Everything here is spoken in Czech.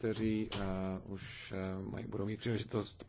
kteří eh, už eh, mají, budou mít příležitost pustit